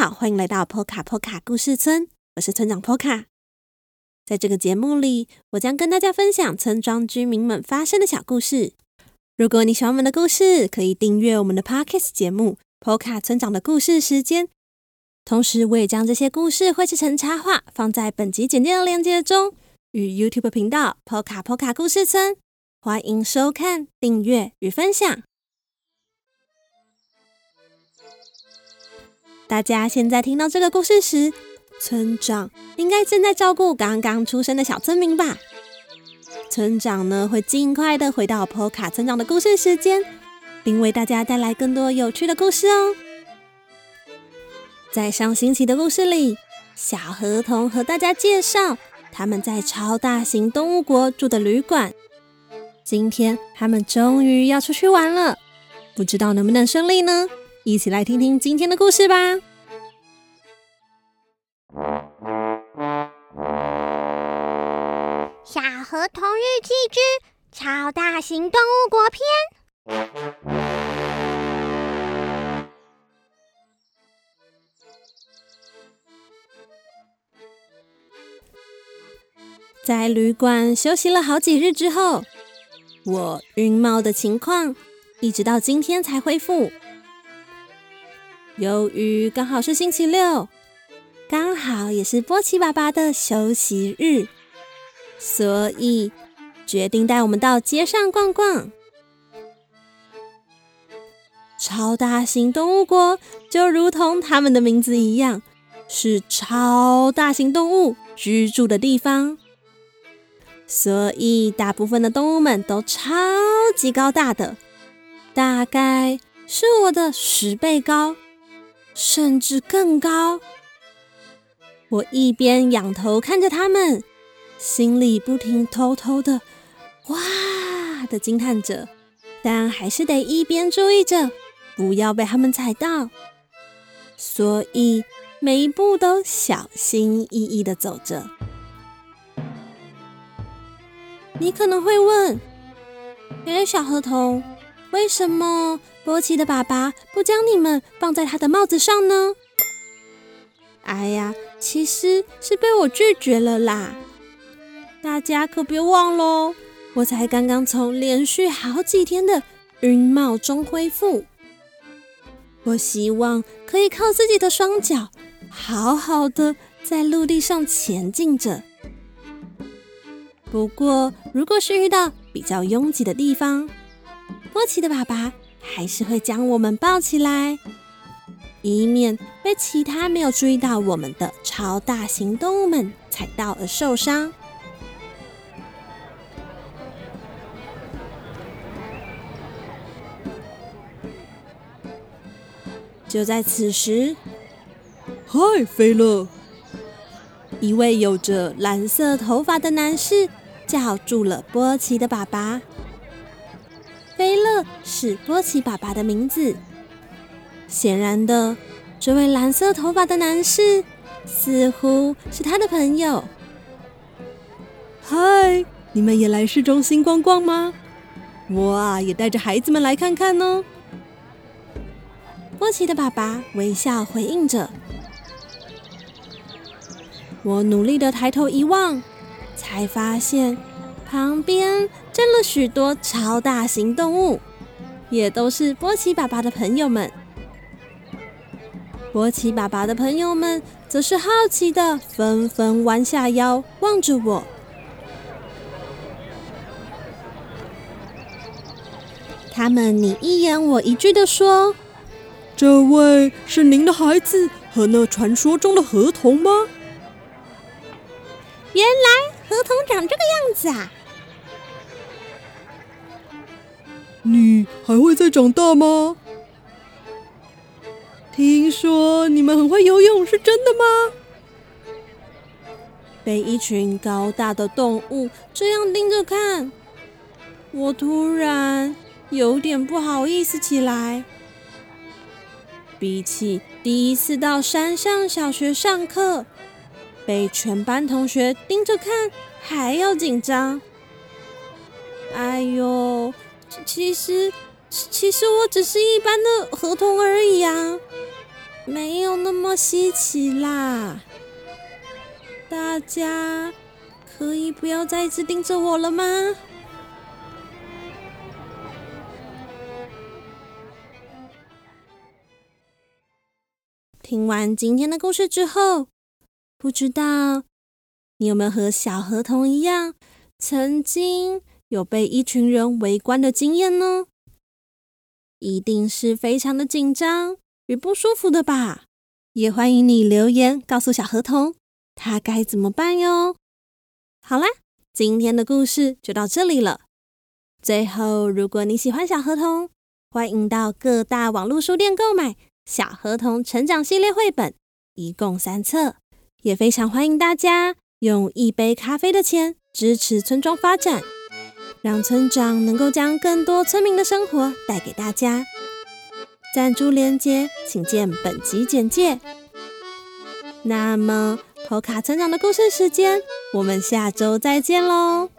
好，歡迎來到波卡波卡故事村，我是村長波卡。在這個節目裡，我將跟大家分享村莊居民們發生的小故事。如果你喜歡我們的故事，可以訂閱我們的 Podcast 節目《波卡村長的故事時間》。同時，我也將這些故事繪制成插畫，放在本集簡介的鏈接中與 YouTube 頻道波卡波卡故事村。歡迎收看、訂閱與分享。大家現在聽到這個故事時，村長應該正在照顧剛剛出生的小村民吧？村長呢，會盡快的回到波卡村長的故事時間，並為大家帶來更多有趣的故事哦。在上星期的故事裡，小河童和大家介紹他們在超大型動物國住的旅館。今天他們終於要出去玩了，不知道能不能順利呢？一起來聽聽今天的故事吧，《小河童日記之超大型動物國篇》。在旅館休息了好幾日之後，我我暈貓的情況一直到今天才恢復。由於剛好是星期六，剛好也是波奇爸爸的休息日，所以決定帶我們到街上逛逛。超大型動物國就如同他們的名字一樣，是超大型動物居住的地方。所以大部分的動物們都超級高大的，大概是我的十倍高。甚至更高。我一邊仰頭看着他們，心裡不停偷偷的“哇”的驚嘆着，但還是得一邊注意着，不要被他們踩到。所以每一步都小心翼翼的走着。你可能會問，圓、欸、小河童，為什麼？波奇的爸爸不將你們放在他的帽子上呢？哎呀，其實是被我拒絕了啦！大家可別忘嘍，我才剛剛從連續好幾天的暈帽中恢復。我希望可以靠自己的雙腳，好好的在陸地上前進着。不過，如果是遇到比較擁擠的地方，波奇的爸爸。還是會將我們抱起來，以免被其他沒有注意到我們的超大型動物們踩到而受傷。就在此時，嗨，菲勒！一位有着藍色頭髮的男士叫住了波奇的爸爸。是波奇爸爸的名字。顯然的，這位藍色頭髮的男士似乎是他的朋友。嗨，你們也來市中心逛逛嗎？我啊，也帶着孩子們來看看呢、哦。波奇的爸爸微笑回應着。我努力的抬頭一望，才發現旁邊。見了許多超大型動物，也都是波奇爸爸的朋友們。波奇爸爸的朋友們則是好奇地紛紛彎下腰望着我。他們你一言我一句地說：“這位是您的孩子和那傳說中的河童嗎？”原來河童長這個樣子啊！你還會再長大嗎？聽說你們很會游泳，是真的嗎？被一群高大的動物這樣盯着看，我突然有點不好意思起來。比起第一次到山上小學上課，被全班同學盯着看還要緊張。哎呦！其實，其實我只是一般的河童而已啊，沒有那麼稀奇啦。大家可以不要再一直盯着我了嗎？聽完今天的故事之後，不知道你有沒有和小河童一樣，曾經有被一群人圍觀的經驗呢。一定是非常的緊張與不舒服的吧？也歡迎你留言告訴小河童，他該怎麼辦喲。好啦，今天的故事就到這裡了。最後，如果你喜歡小河童，歡迎到各大網絡書店購買《小河童成長系列繪本》，一共三冊。也非常歡迎大家用一杯咖啡的錢支持村莊發展。讓村長能夠將更多村民的生活帶給大家。贊助鏈接請見本集簡介。那麼，波卡村長的故事時間，我們下周再見嘍。